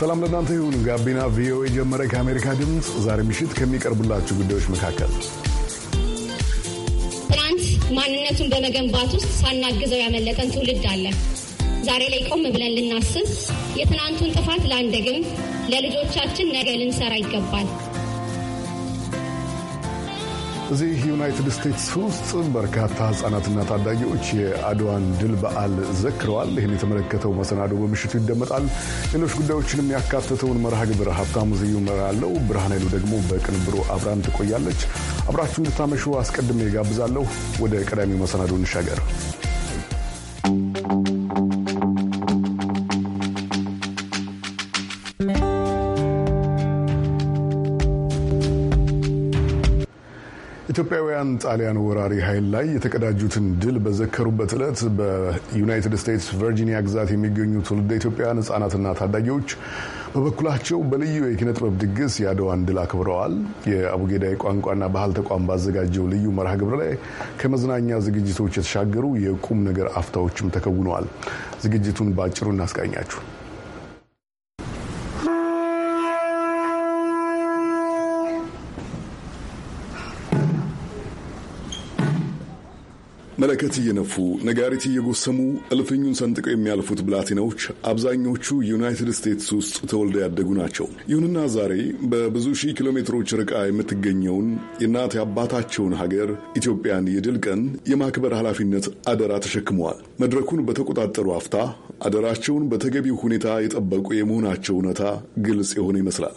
ሰላም ለእናንተ ይሁን። ጋቢና ቪኦኤ ጀመረ። ከአሜሪካ ድምፅ ዛሬ ምሽት ከሚቀርቡላችሁ ጉዳዮች መካከል ትናንት ማንነቱን በመገንባት ውስጥ ሳናግዘው ያመለጠን ትውልድ አለ። ዛሬ ላይ ቆም ብለን ልናስብ የትናንቱን ጥፋት ላንደግም፣ ለልጆቻችን ነገ ልንሰራ ይገባል። እዚህ ዩናይትድ ስቴትስ ውስጥ በርካታ ህጻናትና ታዳጊዎች የአድዋን ድል በዓል ዘክረዋል። ይህን የተመለከተው መሰናዶ በምሽቱ ይደመጣል። ሌሎች ጉዳዮችንም ያካተተውን መርሃ ግብር ሀብታሙ ዝዩ እመራለሁ። ብርሃን ኃይሉ ደግሞ በቅንብሩ አብራን ትቆያለች። አብራችሁ እንድታመሹ አስቀድሜ ጋብዛለሁ። ወደ ቀዳሚው መሰናዶ እንሻገር። ኢትዮጵያውያን ጣሊያን ወራሪ ኃይል ላይ የተቀዳጁትን ድል በዘከሩበት ዕለት በዩናይትድ ስቴትስ ቨርጂኒያ ግዛት የሚገኙ ትውልደ ኢትዮጵያውያን ሕጻናትና ታዳጊዎች በበኩላቸው በልዩ የኪነ ጥበብ ድግስ የአድዋን ድል አክብረዋል። የአቡጌዳይ ቋንቋና ባህል ተቋም ባዘጋጀው ልዩ መርሃ ግብር ላይ ከመዝናኛ ዝግጅቶች የተሻገሩ የቁም ነገር አፍታዎችም ተከውነዋል። ዝግጅቱን በአጭሩ እናስቃኛችሁ። መለከት እየነፉ ነጋሪት እየጎሰሙ እልፍኙን ሰንጥቀው የሚያልፉት ብላቴናዎች አብዛኞቹ ዩናይትድ ስቴትስ ውስጥ ተወልደው ያደጉ ናቸው። ይሁንና ዛሬ በብዙ ሺህ ኪሎ ሜትሮች ርቃ የምትገኘውን የእናት የአባታቸውን ሀገር ኢትዮጵያን የድል ቀን የማክበር ኃላፊነት አደራ ተሸክመዋል። መድረኩን በተቆጣጠሩ አፍታ አደራቸውን በተገቢው ሁኔታ የጠበቁ የመሆናቸው እውነታ ግልጽ የሆነ ይመስላል።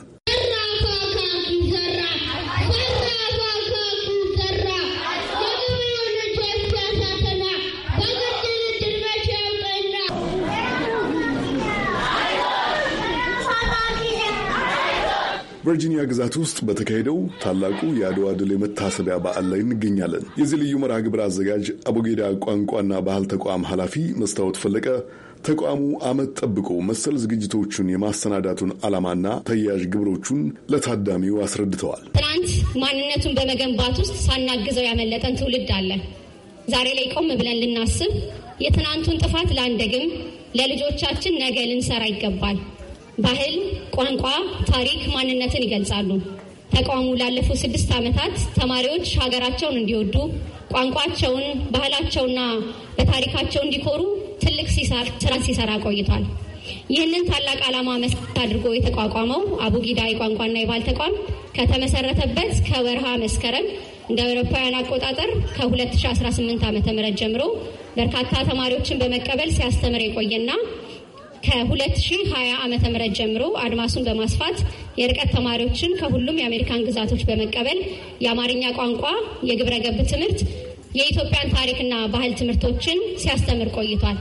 ቨርጂኒያ ግዛት ውስጥ በተካሄደው ታላቁ የአድዋ ድል የመታሰቢያ በዓል ላይ እንገኛለን። የዚህ ልዩ መርሃ ግብር አዘጋጅ አቦጌዳ ቋንቋና ባህል ተቋም ኃላፊ መስታወት ፈለቀ ተቋሙ ዓመት ጠብቆ መሰል ዝግጅቶቹን የማሰናዳቱን ዓላማና ተያያዥ ግብሮቹን ለታዳሚው አስረድተዋል። ትናንት ማንነቱን በመገንባት ውስጥ ሳናግዘው ያመለጠን ትውልድ አለ። ዛሬ ላይ ቆም ብለን ልናስብ፣ የትናንቱን ጥፋት ላንደግም፣ ለልጆቻችን ነገ ልንሰራ ይገባል። ባህል፣ ቋንቋ፣ ታሪክ ማንነትን ይገልጻሉ። ተቋሙ ላለፉት ስድስት ዓመታት ተማሪዎች ሀገራቸውን እንዲወዱ ቋንቋቸውን፣ ባህላቸውና በታሪካቸው እንዲኮሩ ትልቅ ስራ ሲሰራ ቆይቷል። ይህንን ታላቅ ዓላማ መሰረት አድርጎ የተቋቋመው አቡጊዳ የቋንቋና የባህል ተቋም ከተመሰረተበት ከወርሃ መስከረም እንደ አውሮፓውያን አቆጣጠር ከ2018 ዓ ም ጀምሮ በርካታ ተማሪዎችን በመቀበል ሲያስተምር የቆየና ከ2020 ዓ ም ጀምሮ አድማሱን በማስፋት የርቀት ተማሪዎችን ከሁሉም የአሜሪካን ግዛቶች በመቀበል የአማርኛ ቋንቋ የግብረ ገብ ትምህርት የኢትዮጵያን ታሪክና ባህል ትምህርቶችን ሲያስተምር ቆይቷል።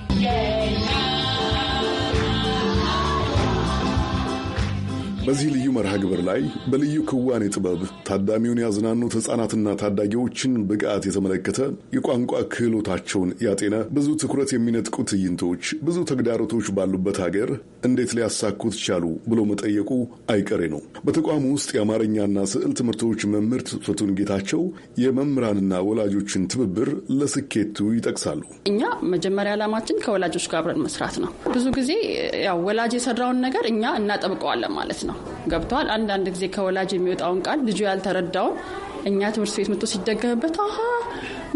በዚህ ልዩ መርሃ ግብር ላይ በልዩ ክዋኔ ጥበብ ታዳሚውን ያዝናኑት ሕፃናትና ታዳጊዎችን ብቃት የተመለከተ የቋንቋ ክህሎታቸውን ያጤነ ብዙ ትኩረት የሚነጥቁ ትዕይንቶች፣ ብዙ ተግዳሮቶች ባሉበት ሀገር እንዴት ሊያሳኩት ቻሉ ብሎ መጠየቁ አይቀሬ ነው። በተቋሙ ውስጥ የአማርኛና ስዕል ትምህርቶች መምህርት ፍቱን ጌታቸው የመምህራንና ወላጆችን ትብብር ለስኬቱ ይጠቅሳሉ። እኛ መጀመሪያ ዓላማችን ከወላጆች ጋር አብረን መስራት ነው። ብዙ ጊዜ ያው ወላጅ የሰራውን ነገር እኛ እናጠብቀዋለን ማለት ነው። ገብተዋል። አንዳንድ ጊዜ ከወላጅ የሚወጣውን ቃል ልጁ ያልተረዳውን እኛ ትምህርት ቤት መጥቶ ሲደገምበት አሀ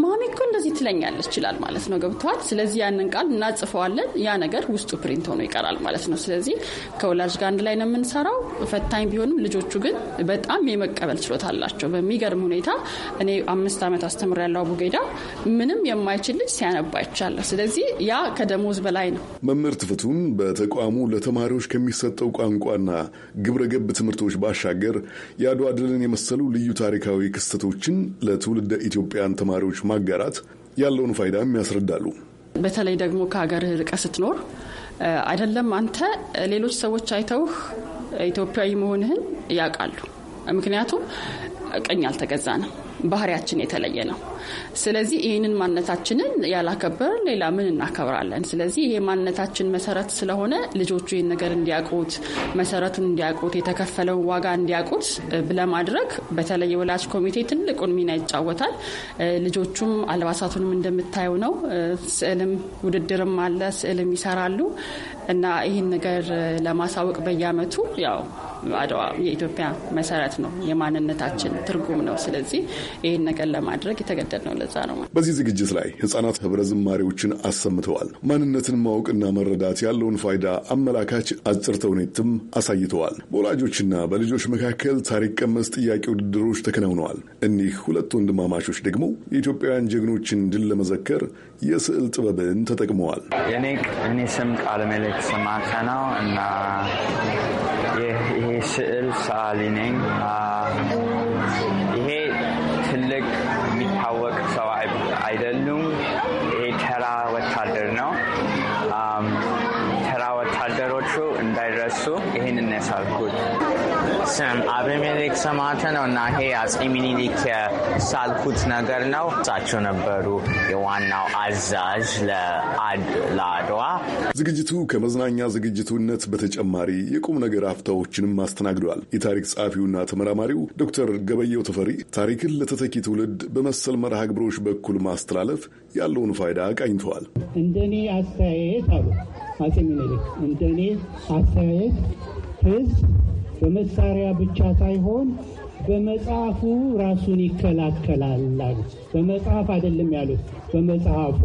ማሚ እኮ እንደዚህ ትለኛለች ይችላል ማለት ነው። ገብተዋል። ስለዚህ ያንን ቃል እናጽፈዋለን። ያ ነገር ውስጡ ፕሪንት ሆኖ ይቀራል ማለት ነው። ስለዚህ ከወላጅ ጋር አንድ ላይ ነው የምንሰራው። ፈታኝ ቢሆንም ልጆቹ ግን በጣም የመቀበል ችሎታ አላቸው። በሚገርም ሁኔታ እኔ አምስት ዓመት አስተምር ያለው አቡጌዳ ምንም የማይችል ልጅ ሲያነባ ይቻለሁ። ስለዚህ ያ ከደሞዝ በላይ ነው። መምህርት ፍቱን በተቋሙ ለተማሪዎች ከሚሰጠው ቋንቋና ግብረ ገብ ትምህርቶች ባሻገር የአድዋ ድልን የመሰሉ ልዩ ታሪካዊ ክስተቶችን ለትውልደ ኢትዮጵያን ተማሪዎች ማጋራት ያለውን ፋይዳም ያስረዳሉ። በተለይ ደግሞ ከሀገር ርቀ ስትኖር አይደለም አንተ ሌሎች ሰዎች አይተውህ ኢትዮጵያዊ መሆንህን ያውቃሉ። ምክንያቱም ቅኝ ያልተገዛ ነው፣ ባህሪያችን የተለየ ነው። ስለዚህ ይህንን ማንነታችንን ያላከበር ሌላ ምን እናከብራለን? ስለዚህ ይሄ ማንነታችን መሰረት ስለሆነ ልጆቹ ይህን ነገር እንዲያውቁት፣ መሰረቱን እንዲያውቁት፣ የተከፈለውን ዋጋ እንዲያውቁት ለማድረግ በተለይ የወላጅ ኮሚቴ ትልቁን ሚና ይጫወታል። ልጆቹም አልባሳቱንም እንደምታየው ነው። ስዕልም ውድድርም አለ፣ ስዕልም ይሰራሉ እና ይህን ነገር ለማሳወቅ በየአመቱ ያው አድዋ የኢትዮጵያ መሰረት ነው፣ የማንነታችን ትርጉም ነው። ስለዚህ ይህን ነገር ለማድረግ የተገደ የተገደድ ነው። ለዛ ነው። በዚህ ዝግጅት ላይ ህጻናት ህብረ ዝማሪዎችን አሰምተዋል። ማንነትን ማወቅና መረዳት ያለውን ፋይዳ አመላካች አጭር ተውኔትም አሳይተዋል። በወላጆችና በልጆች መካከል ታሪክ ቀመስ ጥያቄ ውድድሮች ተከናውነዋል። እኒህ ሁለት ወንድማማቾች ደግሞ የኢትዮጵያውያን ጀግኖችን ድል ለመዘከር የስዕል ጥበብን ተጠቅመዋል። እኔ ስም ቃለመልክ ስማተ ነው እና ይሄ ስዕል ሰዓሊ ነኝ ስም አቤ ሰማተ ሰማዕተ ነው እና ይሄ አጼ ሚኒሊክ ሳልኩት ነገር ነው። እሳቸው ነበሩ የዋናው አዛዥ ለአድዋ። ዝግጅቱ ከመዝናኛ ዝግጅቱነት በተጨማሪ የቁም ነገር ሀፍታዎችንም አስተናግደዋል። የታሪክ ጸሐፊውና ተመራማሪው ዶክተር ገበየው ተፈሪ ታሪክን ለተተኪ ትውልድ በመሰል መርሃ ግብሮች በኩል ማስተላለፍ ያለውን ፋይዳ ቃኝተዋል። እንደኔ አስተያየት አሉ አጼ ሚኒሊክ እንደኔ አስተያየት ህዝብ በመሳሪያ ብቻ ሳይሆን በመጽሐፉ ራሱን ይከላከላል አሉ። በመጽሐፍ አይደለም ያሉት፣ በመጽሐፉ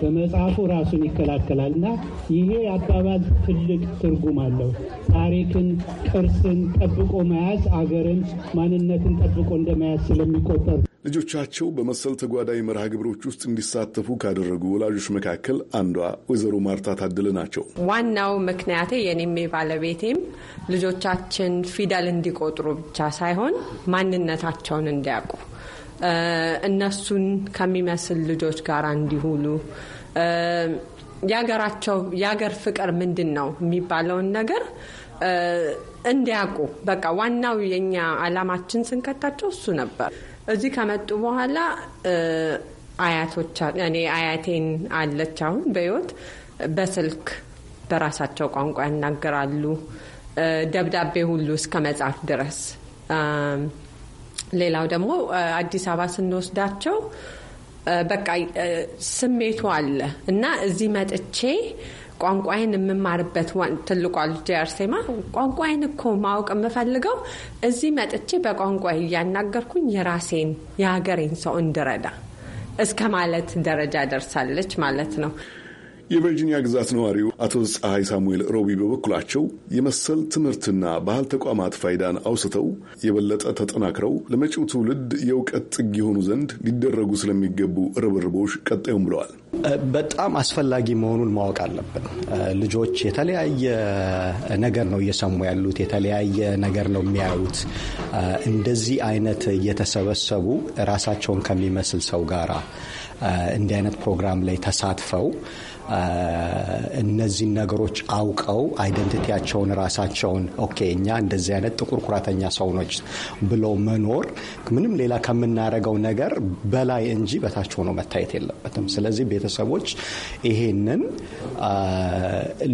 በመጽሐፉ ራሱን ይከላከላል እና ይሄ አባባል ትልቅ ትርጉም አለው። ታሪክን፣ ቅርስን ጠብቆ መያዝ አገርን፣ ማንነትን ጠብቆ እንደመያዝ ስለሚቆጠር ልጆቻቸው በመሰል ተጓዳኝ መርሃ ግብሮች ውስጥ እንዲሳተፉ ካደረጉ ወላጆች መካከል አንዷ ወይዘሮ ማርታ ታደለ ናቸው። ዋናው ምክንያቴ የኔም ባለቤቴም ልጆቻችን ፊደል እንዲቆጥሩ ብቻ ሳይሆን ማንነታቸውን እንዲያውቁ እነሱን ከሚመስል ልጆች ጋር እንዲሁሉ የሀገራቸው የሀገር ፍቅር ምንድን ነው የሚባለውን ነገር እንዲያውቁ በቃ ዋናው የኛ አላማችን ስንከታቸው እሱ ነበር። እዚህ ከመጡ በኋላ አያቶች እኔ አያቴን አለች አሁን በህይወት በስልክ በራሳቸው ቋንቋ ያናገራሉ። ደብዳቤ ሁሉ እስከ መጻፍ ድረስ። ሌላው ደግሞ አዲስ አበባ ስንወስዳቸው በቃ ስሜቱ አለ እና እዚህ መጥቼ ቋንቋዬን የምማርበት ትልቋ ጃርሴማ አርሴማ ቋንቋዬን እኮ ማወቅ የምፈልገው እዚህ መጥቼ በቋንቋ እያናገርኩኝ የራሴን የሀገሬን ሰው እንድረዳ እስከ ማለት ደረጃ ደርሳለች ማለት ነው። የቨርጂኒያ ግዛት ነዋሪው አቶ ፀሐይ ሳሙኤል ሮቢ በበኩላቸው የመሰል ትምህርትና ባህል ተቋማት ፋይዳን አውስተው የበለጠ ተጠናክረው ለመጪው ትውልድ የእውቀት ጥግ የሆኑ ዘንድ ሊደረጉ ስለሚገቡ ርብርቦች ቀጣዩም ብለዋል። በጣም አስፈላጊ መሆኑን ማወቅ አለብን። ልጆች የተለያየ ነገር ነው እየሰሙ ያሉት፣ የተለያየ ነገር ነው የሚያዩት። እንደዚህ አይነት እየተሰበሰቡ ራሳቸውን ከሚመስል ሰው ጋራ እንዲህ አይነት ፕሮግራም ላይ ተሳትፈው እነዚህን ነገሮች አውቀው አይደንቲቲያቸውን ራሳቸውን ኦኬ እኛ እንደዚህ አይነት ጥቁር ኩራተኛ ሰውኖች ብሎ መኖር ምንም ሌላ ከምናደርገው ነገር በላይ እንጂ በታች ሆኖ መታየት የለበትም። ስለዚህ ቤተሰቦች ይሄንን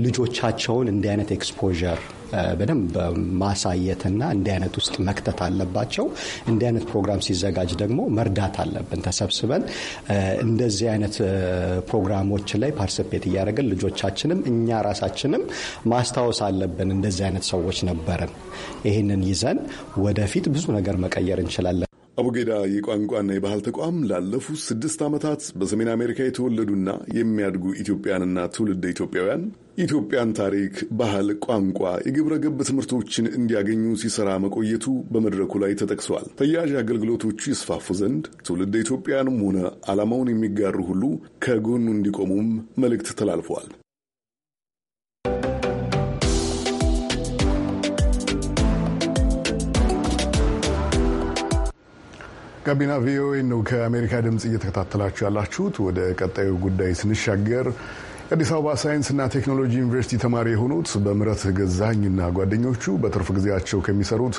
ልጆቻቸውን እንዲህ አይነት ኤክስፖዠር በደንብ ማሳየትና እንዲህ አይነት ውስጥ መክተት አለባቸው። እንዲህ አይነት ፕሮግራም ሲዘጋጅ ደግሞ መርዳት አለብን። ተሰብስበን እንደዚህ አይነት ፕሮግራሞች ላይ ፓርቲስፔት እያደረግን ልጆቻችንም እኛ ራሳችንም ማስታወስ አለብን። እንደዚህ አይነት ሰዎች ነበርን። ይህንን ይዘን ወደፊት ብዙ ነገር መቀየር እንችላለን አቡጌዳ የቋንቋና የባህል ተቋም ላለፉት ስድስት ዓመታት በሰሜን አሜሪካ የተወለዱና የሚያድጉ ኢትዮጵያንና ትውልደ ኢትዮጵያውያን የኢትዮጵያን ታሪክ፣ ባህል፣ ቋንቋ፣ የግብረ ገብ ትምህርቶችን እንዲያገኙ ሲሰራ መቆየቱ በመድረኩ ላይ ተጠቅሰዋል። ተያዥ አገልግሎቶቹ ይስፋፉ ዘንድ ትውልደ ኢትዮጵያንም ሆነ ዓላማውን የሚጋሩ ሁሉ ከጎኑ እንዲቆሙም መልእክት ተላልፏል። ጋቢና ቪኦኤ ነው ከአሜሪካ ድምፅ እየተከታተላችሁ ያላችሁት። ወደ ቀጣዩ ጉዳይ ስንሻገር የአዲስ አበባ ሳይንስና ቴክኖሎጂ ዩኒቨርሲቲ ተማሪ የሆኑት በምረት ገዛኝና ጓደኞቹ በትርፍ ጊዜያቸው ከሚሰሩት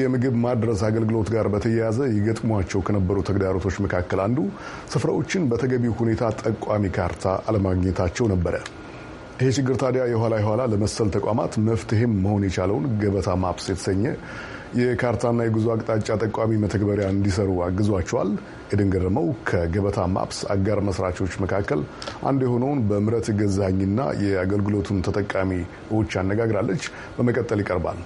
የምግብ ማድረስ አገልግሎት ጋር በተያያዘ ይገጥሟቸው ከነበሩ ተግዳሮቶች መካከል አንዱ ስፍራዎችን በተገቢው ሁኔታ ጠቋሚ ካርታ አለማግኘታቸው ነበረ። ይህ ችግር ታዲያ የኋላ የኋላ ለመሰል ተቋማት መፍትሄም መሆን የቻለውን ገበታ ማፕስ የተሰኘ የካርታና የጉዞ አቅጣጫ ጠቋሚ መተግበሪያ እንዲሰሩ አግዟቸዋል። ኤደን ገረመው ከገበታ ማፕስ አጋር መስራቾች መካከል አንዱ የሆነውን በምረት ገዛኝና የአገልግሎቱን ተጠቃሚዎች አነጋግራለች። በመቀጠል ይቀርባል።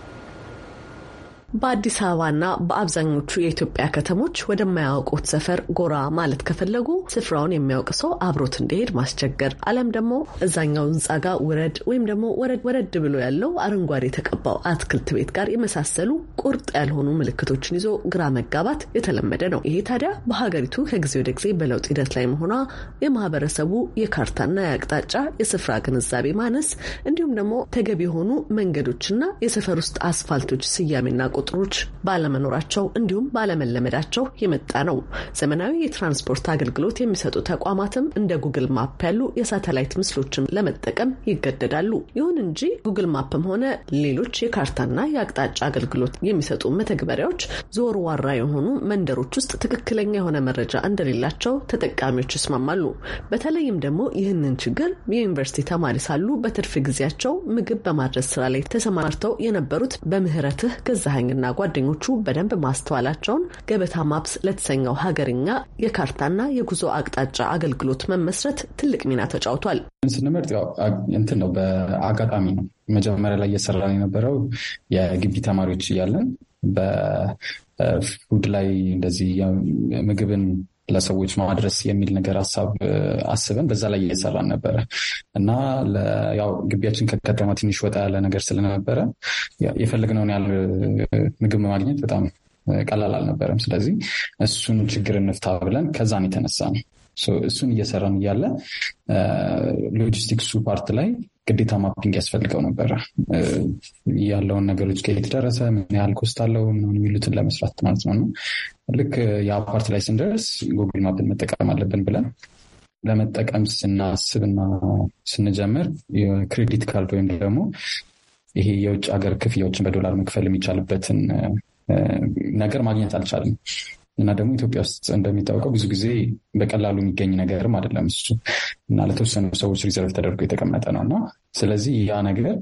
በአዲስ አበባና በአብዛኞቹ የኢትዮጵያ ከተሞች ወደማያውቁት ሰፈር ጎራ ማለት ከፈለጉ ስፍራውን የሚያውቅ ሰው አብሮት እንዲሄድ ማስቸገር፣ አለም ደግሞ እዛኛው ህንፃ ጋር ውረድ ወይም ደግሞ ወረድ ወረድ ብሎ ያለው አረንጓዴ የተቀባው አትክልት ቤት ጋር የመሳሰሉ ቁርጥ ያልሆኑ ምልክቶችን ይዞ ግራ መጋባት የተለመደ ነው። ይሄ ታዲያ በሀገሪቱ ከጊዜ ወደ ጊዜ በለውጥ ሂደት ላይ መሆኗ የማህበረሰቡ የካርታና የአቅጣጫ የስፍራ ግንዛቤ ማነስ እንዲሁም ደግሞ ተገቢ የሆኑ መንገዶችና የሰፈር ውስጥ አስፋልቶች ስያሜና ቁጥሮች ባለመኖራቸው እንዲሁም ባለመለመዳቸው የመጣ ነው። ዘመናዊ የትራንስፖርት አገልግሎት የሚሰጡ ተቋማትም እንደ ጉግል ማፕ ያሉ የሳተላይት ምስሎችን ለመጠቀም ይገደዳሉ። ይሁን እንጂ ጉግል ማፕም ሆነ ሌሎች የካርታና የአቅጣጫ አገልግሎት የሚሰጡ መተግበሪያዎች ዘወርዋራ የሆኑ መንደሮች ውስጥ ትክክለኛ የሆነ መረጃ እንደሌላቸው ተጠቃሚዎች ይስማማሉ። በተለይም ደግሞ ይህንን ችግር የዩኒቨርሲቲ ተማሪ ሳሉ በትርፍ ጊዜያቸው ምግብ በማድረስ ስራ ላይ ተሰማርተው የነበሩት በምህረትህ ገዛኸኝ ዳንግና ጓደኞቹ በደንብ ማስተዋላቸውን ገበታ ማፕስ ለተሰኘው ሀገርኛ የካርታና የጉዞ አቅጣጫ አገልግሎት መመስረት ትልቅ ሚና ተጫውቷል። ስንመርጥ እንትን ነው፣ በአጋጣሚ ነው። መጀመሪያ ላይ እየሰራ የነበረው የግቢ ተማሪዎች እያለን በፉድ ላይ እንደዚህ ምግብን ለሰዎች ማድረስ የሚል ነገር ሀሳብ አስበን በዛ ላይ እየሰራን ነበረ እና ያው ግቢያችን ከከተማ ትንሽ ወጣ ያለ ነገር ስለነበረ የፈለግነውን ያህል ምግብ ማግኘት በጣም ቀላል አልነበረም። ስለዚህ እሱን ችግር እንፍታ ብለን ከዛን የተነሳ ነው እሱን እየሰራን እያለ ሎጂስቲክሱ ፓርት ላይ ግዴታ ማፒንግ ያስፈልገው ነበረ። ያለውን ነገሮች ከየት ደረሰ፣ ምን ያህል ኮስት አለው፣ ምን የሚሉትን ለመስራት ማለት ነው። ልክ የአፓርት ላይ ስንደርስ ጉግል ማፕን መጠቀም አለብን ብለን ለመጠቀም ስናስብና ስንጀምር የክሬዲት ካርድ ወይም ደግሞ ይሄ የውጭ ሀገር ክፍያዎችን በዶላር መክፈል የሚቻልበትን ነገር ማግኘት አልቻለም። እና ደግሞ ኢትዮጵያ ውስጥ እንደሚታወቀው ብዙ ጊዜ በቀላሉ የሚገኝ ነገርም አይደለም እሱ እና ለተወሰኑ ሰዎች ሪዘርቭ ተደርጎ የተቀመጠ ነው እና ስለዚህ ያ ነገር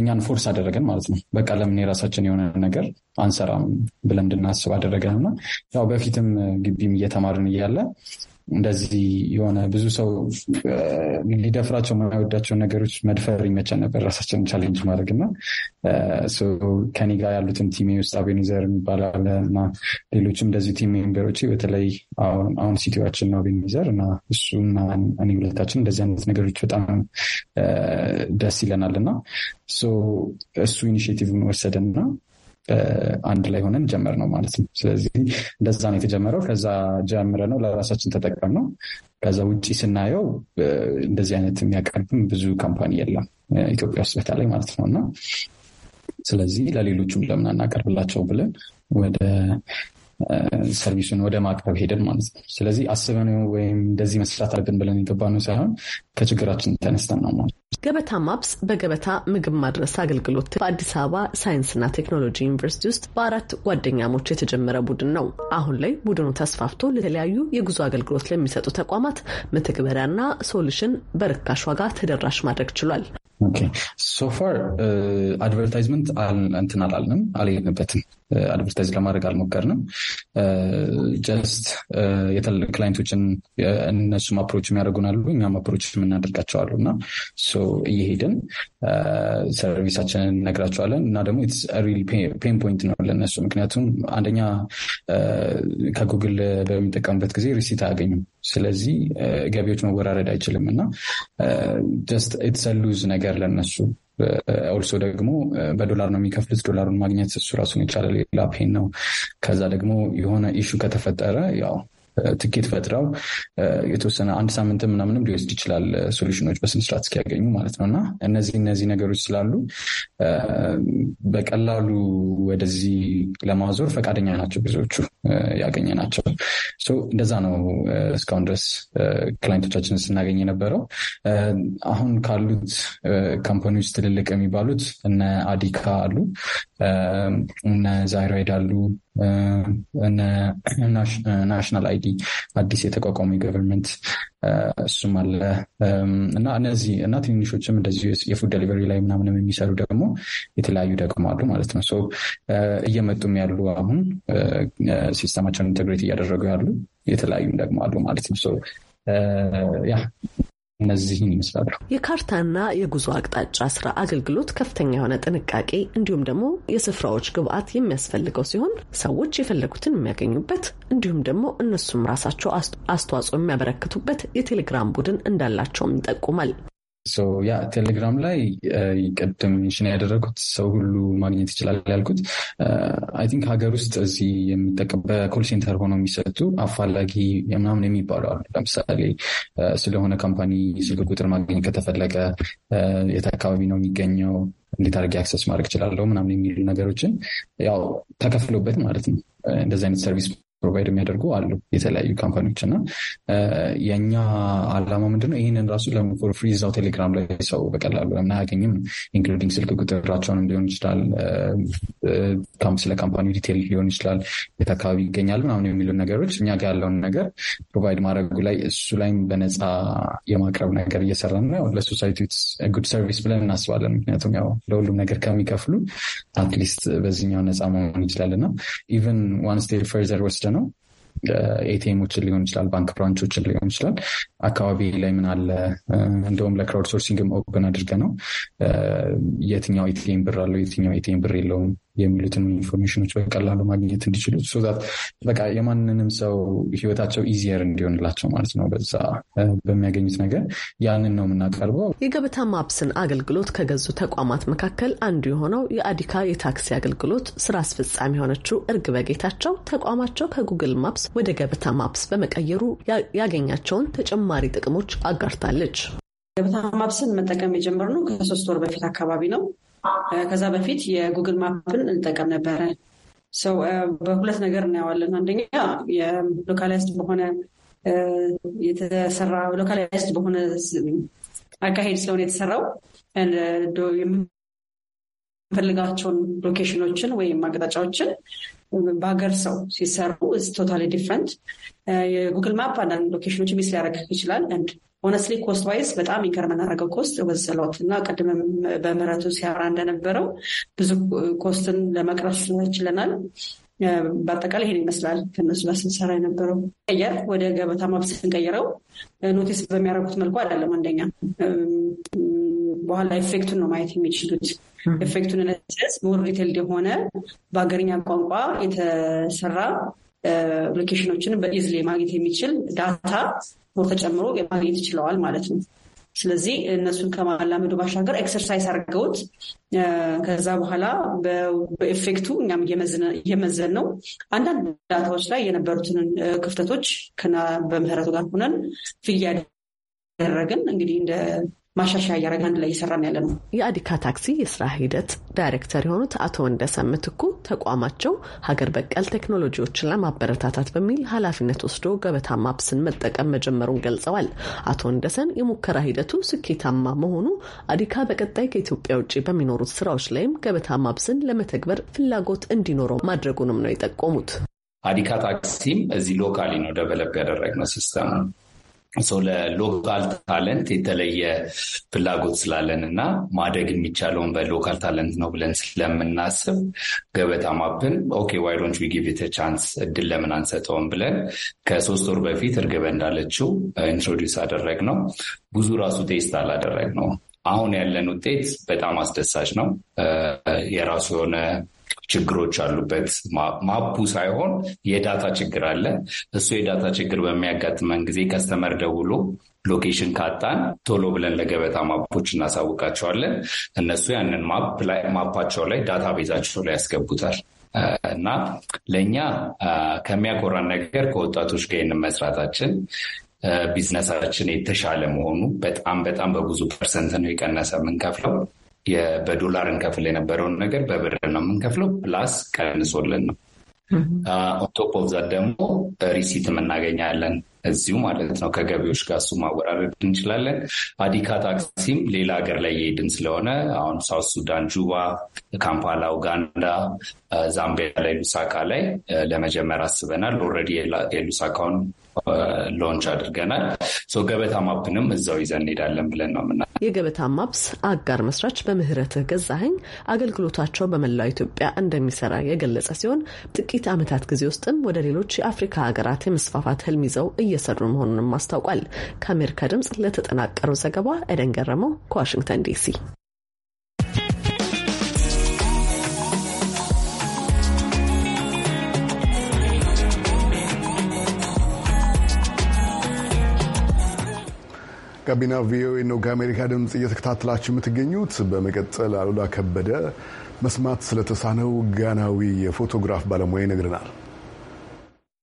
እኛን ፎርስ አደረገን ማለት ነው። በቃ ለምን የራሳችን የሆነ ነገር አንሰራም ብለን እንድናስብ አደረገን እና ያው በፊትም ግቢም እየተማርን እያለ እንደዚህ የሆነ ብዙ ሰው ሊደፍራቸው የማይወዳቸውን ነገሮች መድፈር ይመቸን ነበር፣ ራሳችንን ቻሌንጅ ማድረግ እና ከኔ ጋር ያሉትን ቲሜ ውስጥ አቤኒዘር የሚባል አለ እና ሌሎችም እንደዚህ ቲም ሜምበሮች በተለይ አሁን ሲቲዋችን ነው አቤኒዘር እና እሱና እኔ ሁለታችን እንደዚህ አይነት ነገሮች በጣም ደስ ይለናል እና እሱ ኢኒሽቲቭን ወሰደና አንድ ላይ ሆነን ጀመር ነው ማለት ነው። ስለዚህ እንደዛ ነው የተጀመረው። ከዛ ጀምረ ነው ለራሳችን ተጠቀም ነው። ከዛ ውጭ ስናየው እንደዚህ አይነት የሚያቀርብም ብዙ ካምፓኒ የለም ኢትዮጵያ ውስጥ በተለይ ማለት ነው እና ስለዚህ ለሌሎቹም ለምን አናቀርብላቸው ብለን ወደ ሰርቪሱን ወደ ማቅረብ ሄደን ማለት ነው። ስለዚህ አስበን ወይም እንደዚህ መስራት አለብን ብለን የገባነው ሳይሆን ከችግራችን ተነስተን ነው ማለት ገበታ ማፕስ በገበታ ምግብ ማድረስ አገልግሎት በአዲስ አበባ ሳይንስና ቴክኖሎጂ ዩኒቨርሲቲ ውስጥ በአራት ጓደኛሞች የተጀመረ ቡድን ነው። አሁን ላይ ቡድኑ ተስፋፍቶ ለተለያዩ የጉዞ አገልግሎት ለሚሰጡ ተቋማት መተግበሪያና ሶሉሽን በርካሽ ዋጋ ተደራሽ ማድረግ ችሏል። ሶ ፋር አድቨርታይዝመንት እንትን አላልንም፣ አልሄድንበትም። አድቨርታይዝ ለማድረግ አልሞከርንም። ጀስት ክላይንቶችን እነሱም አፕሮች የሚያደርጉን አሉ፣ እኛም አፕሮች የምናደርጋቸው አሉ እና እየሄድን ሰርቪሳችንን እነግራቸዋለን እና ደግሞ ሪል ፔን ፖይንት ነው ለነሱ። ምክንያቱም አንደኛ ከጉግል በሚጠቀሙበት ጊዜ ሪሲት አያገኙም። ስለዚህ ገቢዎች መወራረድ አይችልም እና ሉዝ ነገር ለነሱ ኦልሶ ደግሞ በዶላር ነው የሚከፍሉት። ዶላሩን ማግኘት እሱ ራሱን የቻለ ሌላ ፔን ነው። ከዛ ደግሞ የሆነ ኢሹ ከተፈጠረ ያው ትኬት ፈጥረው የተወሰነ አንድ ሳምንት ምናምንም ሊወስድ ይችላል ሶሉሽኖች በስነስርዓት እስኪያገኙ ማለት ነው እና እነዚህ እነዚህ ነገሮች ስላሉ በቀላሉ ወደዚህ ለማዞር ፈቃደኛ ናቸው ብዙዎቹ ያገኘ ናቸው። እንደዛ ነው እስካሁን ድረስ ክላይንቶቻችን ስናገኝ የነበረው። አሁን ካሉት ካምፓኒዎች ትልልቅ የሚባሉት እነ አዲካ አሉ፣ እነ ዛይሮይድ አሉ ናሽናል አይዲ አዲስ የተቋቋመ ገቨርንመንት እሱም አለ እና እነዚህ እና ትንንሾችም እንደዚህ የፉድ ዴሊቨሪ ላይ ምናምንም የሚሰሩ ደግሞ የተለያዩ ደግሞ አሉ ማለት ነው። እየመጡም ያሉ አሁን ሲስተማቸውን ኢንተግሬት እያደረጉ ያሉ የተለያዩም ደግሞ አሉ ማለት ነው። ያ እነዚህን ይመስላሉ። የካርታና የጉዞ አቅጣጫ ስራ አገልግሎት ከፍተኛ የሆነ ጥንቃቄ እንዲሁም ደግሞ የስፍራዎች ግብዓት የሚያስፈልገው ሲሆን ሰዎች የፈለጉትን የሚያገኙበት እንዲሁም ደግሞ እነሱም ራሳቸው አስተዋጽኦ የሚያበረክቱበት የቴሌግራም ቡድን እንዳላቸውም ይጠቁማል። ያ ቴሌግራም ላይ ቅድም ሽን ያደረጉት ሰው ሁሉ ማግኘት ይችላል ያልኩት አይ ቲንክ ሀገር ውስጥ እዚህ የሚጠቀም በኮል ሴንተር ሆነው የሚሰጡ አፋላጊ ምናምን የሚባሉ አሉ። ለምሳሌ ስለሆነ ካምፓኒ ስልክ ቁጥር ማግኘት ከተፈለገ የት አካባቢ ነው የሚገኘው፣ እንዴት አድርጌ አክሰስ ማድረግ እችላለሁ ምናምን የሚሉ ነገሮችን ያው ተከፍሎበት ማለት ነው እንደዚህ አይነት ሰርቪስ ፕሮቫይድ የሚያደርጉ አሉ የተለያዩ ካምፓኒዎች እና የእኛ አላማ ምንድነው? ይህንን ራሱ ለምኮር ፍሪ እዛው ቴሌግራም ላይ ሰው በቀላሉ ለምን አያገኝም? ኢንክሉዲንግ ስልክ ቁጥራቸውን ሊሆን ይችላል፣ ስለ ካምፓኒ ዲቴል ሊሆን ይችላል፣ የት አካባቢ ይገኛል ምናምን የሚሉ ነገሮች እኛ ጋር ያለውን ነገር ፕሮቫይድ ማድረጉ ላይ እሱ ላይም በነፃ የማቅረብ ነገር እየሰራን ነው። ለሶሳይቲ ጉድ ሰርቪስ ብለን እናስባለን። ምክንያቱም ያው ለሁሉም ነገር ከሚከፍሉ አትሊስት በዚህኛው ነፃ መሆን ይችላል እና ኢቨን ዋን ስቴፕ ፈርዘር ወስደን ነው። ኤቲኤሞችን ሊሆን ይችላል፣ ባንክ ብራንቾችን ሊሆን ይችላል። አካባቢ ላይ ምን አለ እንደውም ለክራውድ ሶርሲንግም ኦፕን አድርገ ነው የትኛው ኤቲኤም ብር አለው የትኛው ኤቲኤም ብር የለውም የሚሉትን ኢንፎርሜሽኖች በቀላሉ ማግኘት እንዲችሉ ሶዛት በቃ የማንንም ሰው ህይወታቸው ኢዚየር እንዲሆንላቸው ማለት ነው። በዛ በሚያገኙት ነገር ያንን ነው የምናቀርበው። የገበታ ማፕስን አገልግሎት ከገዙ ተቋማት መካከል አንዱ የሆነው የአዲካ የታክሲ አገልግሎት ስራ አስፈጻሚ የሆነችው እርግ በጌታቸው ተቋማቸው ከጉግል ማፕስ ወደ ገበታ ማፕስ በመቀየሩ ያገኛቸውን ተጨማሪ ጥቅሞች አጋርታለች። ገበታ ማፕስን መጠቀም የጀመርነው ከሶስት ወር በፊት አካባቢ ነው። ከዛ በፊት የጉግል ማፕን እንጠቀም ነበረ። ሰው በሁለት ነገር እናየዋለን። አንደኛ የሎካላይዝድ በሆነ የተሰራ ሎካላይዝድ በሆነ አካሄድ ስለሆነ የተሰራው የምንፈልጋቸውን ሎኬሽኖችን ወይም አቅጣጫዎችን በሀገር ሰው ሲሰሩ ቶታሊ ዲፍረንት። የጉግል ማፕ አንዳንድ ሎኬሽኖች ሚስ ሊያደርግ ይችላል። ሆነስሊ ኮስት ዋይስ በጣም ይገርም ያደረገው ኮስት ወዘሎት እና ቅድም በምረቱ ሲያራ እንደነበረው ብዙ ኮስትን ለመቅረፍ ችለናል። በአጠቃላይ ይሄን ይመስላል። ከነሱ ጋር ስንሰራ የነበረው ቀየር ወደ ገበታ ማብ ስንቀይረው ኖቲስ በሚያደርጉት መልኩ አይደለም። አንደኛ በኋላ ኤፌክቱን ነው ማየት የሚችሉት። ኤፌክቱን ነስ ሞር ዲቴልድ የሆነ በሀገርኛ ቋንቋ የተሰራ ሎኬሽኖችን በኢዝሊ ማግኘት የሚችል ዳታ ተጨምሮ ማግኘት ይችለዋል ማለት ነው። ስለዚህ እነሱን ከማላመዱ ባሻገር ኤክሰርሳይዝ አድርገውት ከዛ በኋላ በኤፌክቱ እኛም እየመዘን ነው። አንዳንድ ዳታዎች ላይ የነበሩትን ክፍተቶች ከና በምህረቱ ጋር ሆነን ፊል ያደረግን እንግዲህ እንደ ማሻሻያ እያደረግን አንድ ላይ እየሰራን ያለ ነው። የአዲካ ታክሲ የስራ ሂደት ዳይሬክተር የሆኑት አቶ ወንደሰን ምትኩ ተቋማቸው ሀገር በቀል ቴክኖሎጂዎችን ለማበረታታት በሚል ኃላፊነት ወስዶ ገበታ ማፕስን መጠቀም መጀመሩን ገልጸዋል። አቶ ወንደሰን የሙከራ ሂደቱ ስኬታማ መሆኑ አዲካ በቀጣይ ከኢትዮጵያ ውጭ በሚኖሩት ስራዎች ላይም ገበታ ማፕስን ለመተግበር ፍላጎት እንዲኖረው ማድረጉንም ነው የጠቆሙት። አዲካ ታክሲም እዚህ ሎካሊ ነው ደቨለፕ ያደረግነው ሲስተም ሰው ለሎካል ታለንት የተለየ ፍላጎት ስላለን እና ማደግ የሚቻለውን በሎካል ታለንት ነው ብለን ስለምናስብ ገበታ ማፕን ኦኬ ዋይ ዶንት ዊ ጊቭ ኢት ቻንስ እድል ለምን አንሰጠውም ብለን ከሶስት ወር በፊት እርግበ እንዳለችው ኢንትሮዲውስ አደረግ ነው። ብዙ ራሱ ቴስት አላደረግ ነው። አሁን ያለን ውጤት በጣም አስደሳች ነው። የራሱ የሆነ ችግሮች አሉበት። ማፑ ሳይሆን የዳታ ችግር አለ። እሱ የዳታ ችግር በሚያጋጥመን ጊዜ ከስተመር ደውሎ ሎኬሽን ካጣን ቶሎ ብለን ለገበታ ማፖች እናሳውቃቸዋለን። እነሱ ያንን ማፓቸው ላይ ዳታ ቤዛቸው ላይ ያስገቡታል። እና ለእኛ ከሚያኮራን ነገር ከወጣቶች ጋር መስራታችን ቢዝነሳችን የተሻለ መሆኑ በጣም በጣም በብዙ ፐርሰንት ነው የቀነሰ የምንከፍለው። በዶላር እንከፍል የነበረውን ነገር በብር ነው የምንከፍለው። ፕላስ ቀንሶልን ነው። ኦንቶፕ ኦፍ ዛት ደግሞ ሪሲትም እናገኛለን እዚሁ ማለት ነው ከገቢዎች ጋር እሱ ማወራረድ እንችላለን። አዲካ ታክሲም ሌላ ሀገር ላይ የሄድን ስለሆነ አሁን ሳውት ሱዳን፣ ጁባ፣ ካምፓላ፣ ኡጋንዳ፣ ዛምቢያ ላይ ሉሳካ ላይ ለመጀመር አስበናል። ኦልሬዲ የሉሳካውን ሎንች አድርገናል። ገበታ ማፕንም እዛው ይዘን እንሄዳለን ብለን ነው ምና የገበታ ማፕስ አጋር መስራች በምህረትህ ገዛኸኝ አገልግሎታቸው በመላው ኢትዮጵያ እንደሚሰራ የገለጸ ሲሆን ጥቂት ዓመታት ጊዜ ውስጥም ወደ ሌሎች የአፍሪካ ሀገራት የመስፋፋት ህልም ይዘው እየሰሩ መሆኑንም አስታውቋል። ከአሜሪካ ድምፅ ለተጠናቀረው ዘገባ ኤደን ገረመው ከዋሽንግተን ዲሲ ጋቢና ቪኦኤ ነው ከአሜሪካ ድምፅ እየተከታተላችሁ የምትገኙት። በመቀጠል አሉላ ከበደ መስማት ስለተሳነው ጋናዊ የፎቶግራፍ ባለሙያ ይነግረናል።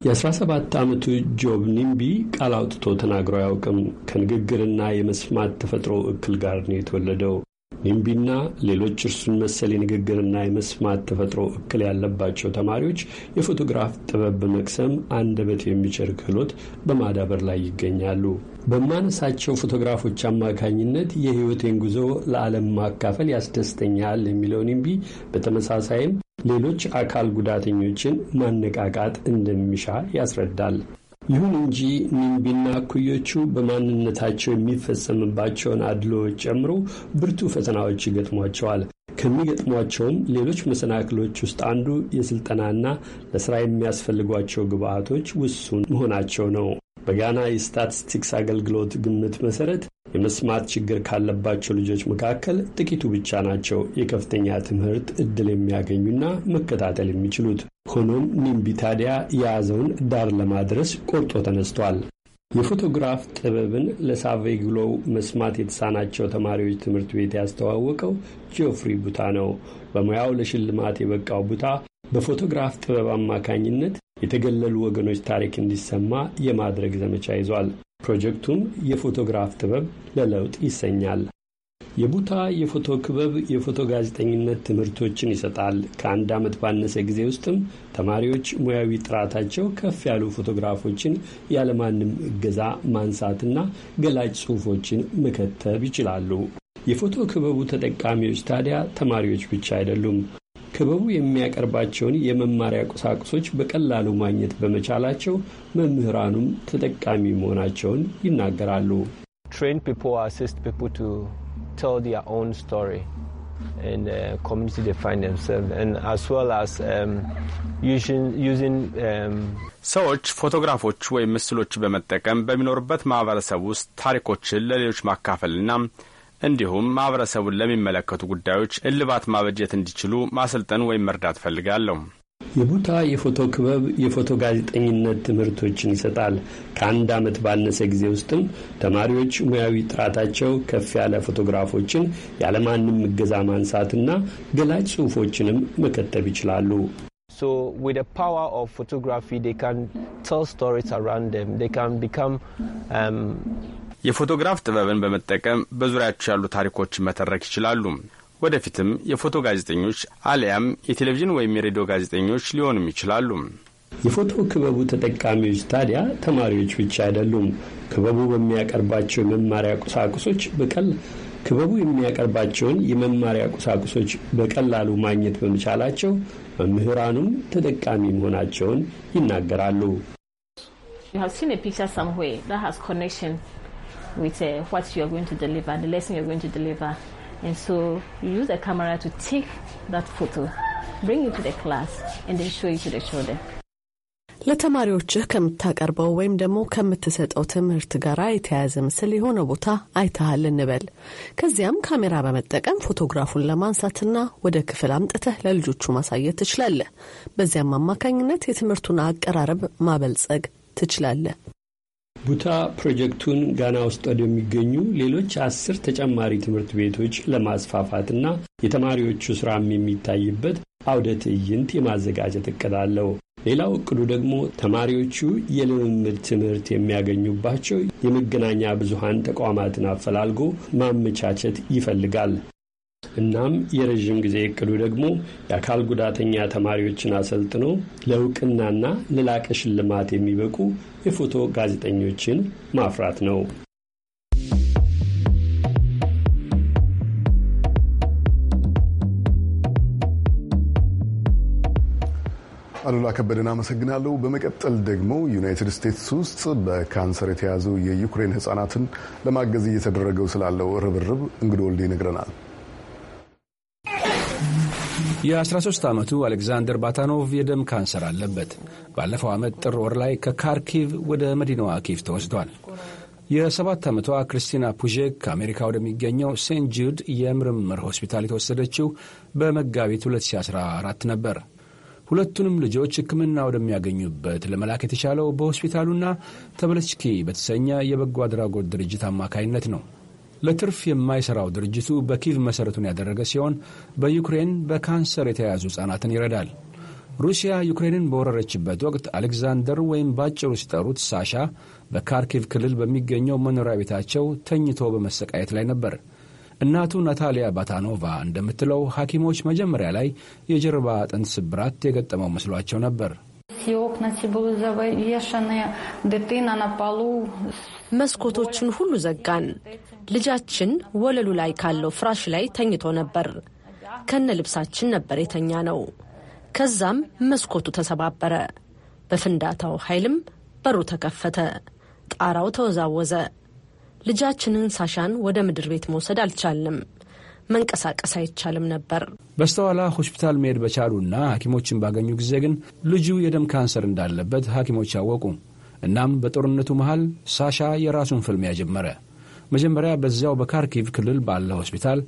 የ17 ዓመቱ ጆብ ኒምቢ ቃል አውጥቶ ተናግሮ አያውቅም። ከንግግርና የመስማት ተፈጥሮ እክል ጋር ነው የተወለደው። ኒምቢና ሌሎች እርሱን መሰል የንግግርና የመስማት ተፈጥሮ እክል ያለባቸው ተማሪዎች የፎቶግራፍ ጥበብ በመቅሰም አንደበት የሚችር ክህሎት በማዳበር ላይ ይገኛሉ። በማነሳቸው ፎቶግራፎች አማካኝነት የህይወቴን ጉዞ ለዓለም ማካፈል ያስደስተኛል የሚለውን እምቢ በተመሳሳይም ሌሎች አካል ጉዳተኞችን ማነቃቃት እንደሚሻ ያስረዳል። ይሁን እንጂ ኒምቢና እኩዮቹ በማንነታቸው የሚፈጸምባቸውን አድሎዎች ጨምሮ ብርቱ ፈተናዎች ይገጥሟቸዋል። ከሚገጥሟቸውም ሌሎች መሰናክሎች ውስጥ አንዱ የስልጠናና ለስራ የሚያስፈልጓቸው ግብአቶች ውሱን መሆናቸው ነው። በጋና የስታቲስቲክስ አገልግሎት ግምት መሰረት የመስማት ችግር ካለባቸው ልጆች መካከል ጥቂቱ ብቻ ናቸው የከፍተኛ ትምህርት እድል የሚያገኙና መከታተል የሚችሉት። ሆኖም ኒምቢ ታዲያ የያዘውን ዳር ለማድረስ ቆርጦ ተነስቷል። የፎቶግራፍ ጥበብን ለሳቬግሎው መስማት የተሳናቸው ተማሪዎች ትምህርት ቤት ያስተዋወቀው ጆፍሪ ቡታ ነው። በሙያው ለሽልማት የበቃው ቡታ በፎቶግራፍ ጥበብ አማካኝነት የተገለሉ ወገኖች ታሪክ እንዲሰማ የማድረግ ዘመቻ ይዟል። ፕሮጀክቱም የፎቶግራፍ ጥበብ ለለውጥ ይሰኛል። የቡታ የፎቶ ክበብ የፎቶ ጋዜጠኝነት ትምህርቶችን ይሰጣል። ከአንድ ዓመት ባነሰ ጊዜ ውስጥም ተማሪዎች ሙያዊ ጥራታቸው ከፍ ያሉ ፎቶግራፎችን ያለማንም እገዛ ማንሳትና ገላጭ ጽሑፎችን መከተብ ይችላሉ። የፎቶ ክበቡ ተጠቃሚዎች ታዲያ ተማሪዎች ብቻ አይደሉም። ክበቡ የሚያቀርባቸውን የመማሪያ ቁሳቁሶች በቀላሉ ማግኘት በመቻላቸው መምህራኑም ተጠቃሚ መሆናቸውን ይናገራሉ። ሰዎች ፎቶግራፎች ወይም ምስሎች በመጠቀም በሚኖሩበት ማህበረሰብ ውስጥ ታሪኮችን ለሌሎች ማካፈልና እንዲሁም ማህበረሰቡን ለሚመለከቱ ጉዳዮች እልባት ማበጀት እንዲችሉ ማሰልጠን ወይም መርዳት ፈልጋለሁ የቦታ የፎቶ ክበብ የፎቶ ጋዜጠኝነት ትምህርቶችን ይሰጣል። ከአንድ ዓመት ባነሰ ጊዜ ውስጥም ተማሪዎች ሙያዊ ጥራታቸው ከፍ ያለ ፎቶግራፎችን ያለማንም እገዛ ማንሳትና ገላጭ ጽሁፎችንም መከተብ ይችላሉ። So with the power of photography, they can tell stories around them. They can become um, የፎቶግራፍ ጥበብን በመጠቀም በዙሪያቸው ያሉ ታሪኮችን መተረክ ይችላሉ። ወደፊትም የፎቶ ጋዜጠኞች አሊያም የቴሌቪዥን ወይም የሬዲዮ ጋዜጠኞች ሊሆኑም ይችላሉ። የፎቶ ክበቡ ተጠቃሚዎች ታዲያ ተማሪዎች ብቻ አይደሉም። ክበቡ በሚያቀርባቸው የመማሪያ ቁሳቁሶች በቀል ክበቡ የሚያቀርባቸውን የመማሪያ ቁሳቁሶች በቀላሉ ማግኘት በመቻላቸው መምህራኑም ተጠቃሚ መሆናቸውን ይናገራሉ። with uh, what you're going to deliver, the lesson you're going to deliver. And so you use a camera to take that photo, bring it to the class, and then show it to the children. ለተማሪዎችህ ከምታቀርበው ወይም ደግሞ ከምትሰጠው ትምህርት ጋር የተያያዘ ምስል የሆነ ቦታ አይተሃል እንበል። ከዚያም ካሜራ በመጠቀም ፎቶግራፉን ለማንሳትና ወደ ክፍል አምጥተህ ለልጆቹ ማሳየት ትችላለህ። በዚያም አማካኝነት የትምህርቱን አቀራረብ ማበልጸግ ትችላለህ። ቡታ ፕሮጀክቱን ጋና ውስጥ ወደሚገኙ ሌሎች አስር ተጨማሪ ትምህርት ቤቶች ለማስፋፋትና የተማሪዎቹ ስራም የሚታይበት አውደ ትዕይንት የማዘጋጀት እቅድ አለው። ሌላው እቅዱ ደግሞ ተማሪዎቹ የልምምድ ትምህርት የሚያገኙባቸው የመገናኛ ብዙሃን ተቋማትን አፈላልጎ ማመቻቸት ይፈልጋል። እናም የረዥም ጊዜ እቅዱ ደግሞ የአካል ጉዳተኛ ተማሪዎችን አሰልጥኖ ለእውቅናና ለላቀ ሽልማት የሚበቁ የፎቶ ጋዜጠኞችን ማፍራት ነው። አሉላ ከበደን አመሰግናለሁ። በመቀጠል ደግሞ ዩናይትድ ስቴትስ ውስጥ በካንሰር የተያዙ የዩክሬን ህጻናትን ለማገዝ እየተደረገው ስላለው ርብርብ እንግዶ ወልድ ይነግረናል። የ13 ዓመቱ አሌክዛንደር ባታኖቭ የደም ካንሰር አለበት። ባለፈው ዓመት ጥር ወር ላይ ከካርኪቭ ወደ መዲናዋ ኪቭ ተወስዷል። የሰባት ዓመቷ ክርስቲና ፑዤክ ከአሜሪካ ወደሚገኘው ሴንት ጁድ የምርምር ሆስፒታል የተወሰደችው በመጋቢት 2014 ነበር። ሁለቱንም ልጆች ሕክምና ወደሚያገኙበት ለመላክ የተቻለው በሆስፒታሉና ተበለችኪ በተሰኘ የበጎ አድራጎት ድርጅት አማካይነት ነው። ለትርፍ የማይሰራው ድርጅቱ በኪቭ መሠረቱን ያደረገ ሲሆን በዩክሬን በካንሰር የተያዙ ሕፃናትን ይረዳል። ሩሲያ ዩክሬንን በወረረችበት ወቅት አሌክዛንደር ወይም ባጭሩ ሲጠሩት ሳሻ በካርኪቭ ክልል በሚገኘው መኖሪያ ቤታቸው ተኝቶ በመሰቃየት ላይ ነበር። እናቱ ናታሊያ ባታኖቫ እንደምትለው ሐኪሞች መጀመሪያ ላይ የጀርባ አጥንት ስብራት የገጠመው መስሏቸው ነበር። ці окна ці були завішані, дитина на полу. መስኮቶችን ሁሉ ዘጋን። ልጃችን ወለሉ ላይ ካለው ፍራሽ ላይ ተኝቶ ነበር። ከነ ልብሳችን ነበር የተኛ ነው። ከዛም መስኮቱ ተሰባበረ። በፍንዳታው ኃይልም በሩ ተከፈተ። ጣራው ተወዛወዘ። ልጃችንን ሳሻን ወደ ምድር ቤት መውሰድ አልቻልንም። መንቀሳቀስ አይቻልም ነበር። በስተኋላ ሆስፒታል መሄድ በቻሉና ሐኪሞችን ባገኙ ጊዜ ግን ልጁ የደም ካንሰር እንዳለበት ሐኪሞች አወቁ። እናም በጦርነቱ መሃል ሳሻ የራሱን ፍልሚያ ጀመረ። መጀመሪያ በዚያው በካርኪቭ ክልል ባለ ሆስፒታል፣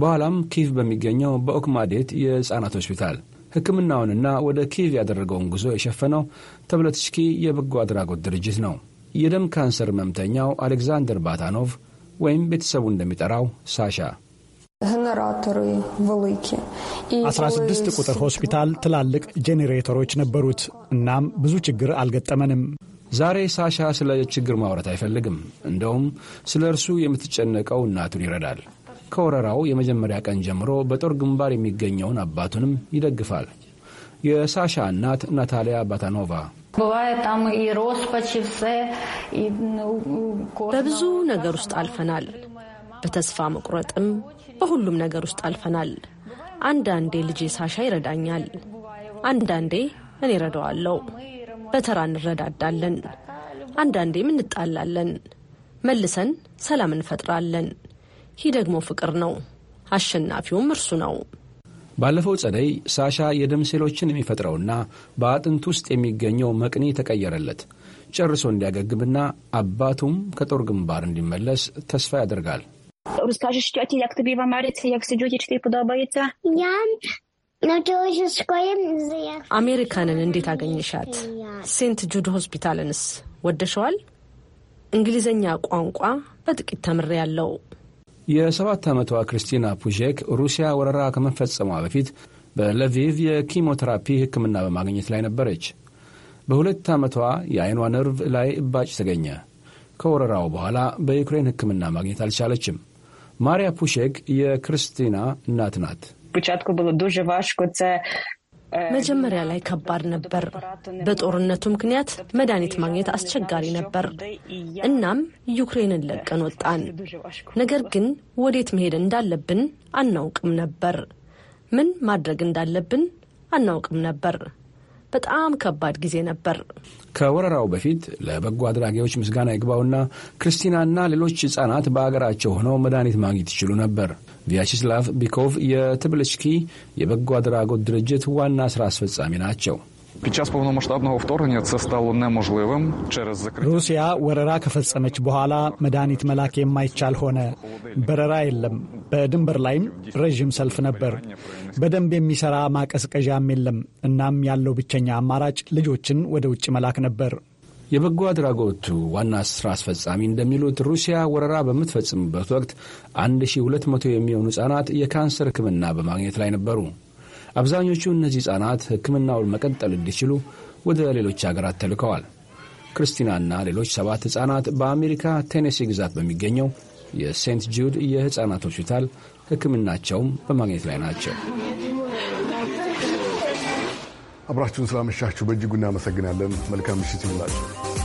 በኋላም ኪቭ በሚገኘው በኦክማዴት የሕፃናት ሆስፒታል ሕክምናውንና ወደ ኪቭ ያደረገውን ጉዞ የሸፈነው ተብለትሽኪ የበጎ አድራጎት ድርጅት ነው። የደም ካንሰር መምተኛው አሌክዛንደር ባታኖቭ ወይም ቤተሰቡ እንደሚጠራው ሳሻ генератори ወልቂ አስራ ቁጥር ሆስፒታል ትላልቅ ጄኔሬተሮች ነበሩት። እናም ብዙ ችግር አልገጠመንም። ዛሬ ሳሻ ስለ ችግር ማውራት አይፈልግም። እንደውም ስለ እርሱ የምትጨነቀው እናቱን ይረዳል። ከወረራው የመጀመሪያ ቀን ጀምሮ በጦር ግንባር የሚገኘውን አባቱንም ይደግፋል። የሳሻ እናት ናታሊያ ባታኖቫ በብዙ ነገር ውስጥ አልፈናል። በተስፋ መቁረጥም በሁሉም ነገር ውስጥ አልፈናል። አንዳንዴ ልጄ ሳሻ ይረዳኛል፣ አንዳንዴ እኔ እረዳዋለሁ። በተራ እንረዳዳለን። አንዳንዴም እንጣላለን፣ መልሰን ሰላም እንፈጥራለን። ይህ ደግሞ ፍቅር ነው። አሸናፊውም እርሱ ነው። ባለፈው ጸደይ ሳሻ የደም ሴሎችን የሚፈጥረውና በአጥንት ውስጥ የሚገኘው መቅኒ ተቀየረለት። ጨርሶ እንዲያገግምና አባቱም ከጦር ግንባር እንዲመለስ ተስፋ ያደርጋል። Розкажеш тьоті, як тобі в Америці, як сидюті, чи тобі подобається? Я አሜሪካንን እንዴት አገኘሻት? ሴንት ጁድ ሆስፒታልንስ ወደሸዋል? እንግሊዘኛ ቋንቋ በጥቂት ተምሬ ያለው። የሰባት ዓመቷ ክርስቲና ፑዤክ ሩሲያ ወረራ ከመፈጸሟ በፊት በለቪቭ የኪሞቴራፒ ሕክምና በማግኘት ላይ ነበረች። በሁለት ዓመቷ የአይኗ ነርቭ ላይ እባጭ ተገኘ። ከወረራው በኋላ በዩክሬን ሕክምና ማግኘት አልቻለችም። Марія Пушек є እናት ናት። መጀመሪያ ላይ ከባድ ነበር። በጦርነቱ ምክንያት መድኃኒት ማግኘት አስቸጋሪ ነበር። እናም ዩክሬንን ለቀን ወጣን። ነገር ግን ወዴት መሄድ እንዳለብን አናውቅም ነበር። ምን ማድረግ እንዳለብን አናውቅም ነበር። በጣም ከባድ ጊዜ ነበር። ከወረራው በፊት ለበጎ አድራጊዎች ምስጋና ይግባውና ክርስቲናና ሌሎች ሕጻናት በአገራቸው ሆነው መድኃኒት ማግኘት ይችሉ ነበር። ቪያችስላቭ ቢኮቭ የትብልሽኪ የበጎ አድራጎት ድርጅት ዋና ሥራ አስፈጻሚ ናቸው። Під час повномасштабного вторгнення це стало неможливим через закриття. Росія ወረራ ከፈጸመች በኋላ меданіт መላክ የማይቻል хоне. Берера የለም። በድንበር ላይም режим ሰልፍ ነበር። በደንብ የሚሰራ ማቀዝቀዣም የለም። እናም ያለው ብቸኛ አማራጭ ልጆችን ወደ ውጭ መላክ ነበር። የበጎ አድራጎቱ ዋና ስራ አስፈጻሚ እንደሚሉት ሩሲያ ወረራ በምትፈጽምበት ወቅት 1200 የሚሆኑ ህጻናት የካንሰር ሕክምና በማግኘት ላይ ነበሩ። አብዛኞቹ እነዚህ ሕፃናት ሕክምናውን መቀጠል እንዲችሉ ወደ ሌሎች አገራት ተልከዋል። ክርስቲናና ሌሎች ሰባት ሕፃናት በአሜሪካ ቴኔሲ ግዛት በሚገኘው የሴንት ጁድ የሕፃናት ሆስፒታል ሕክምናቸውም በማግኘት ላይ ናቸው። አብራችሁን ስላመሻችሁ በእጅጉ እናመሰግናለን። መልካም ምሽት ይሁንላችሁ።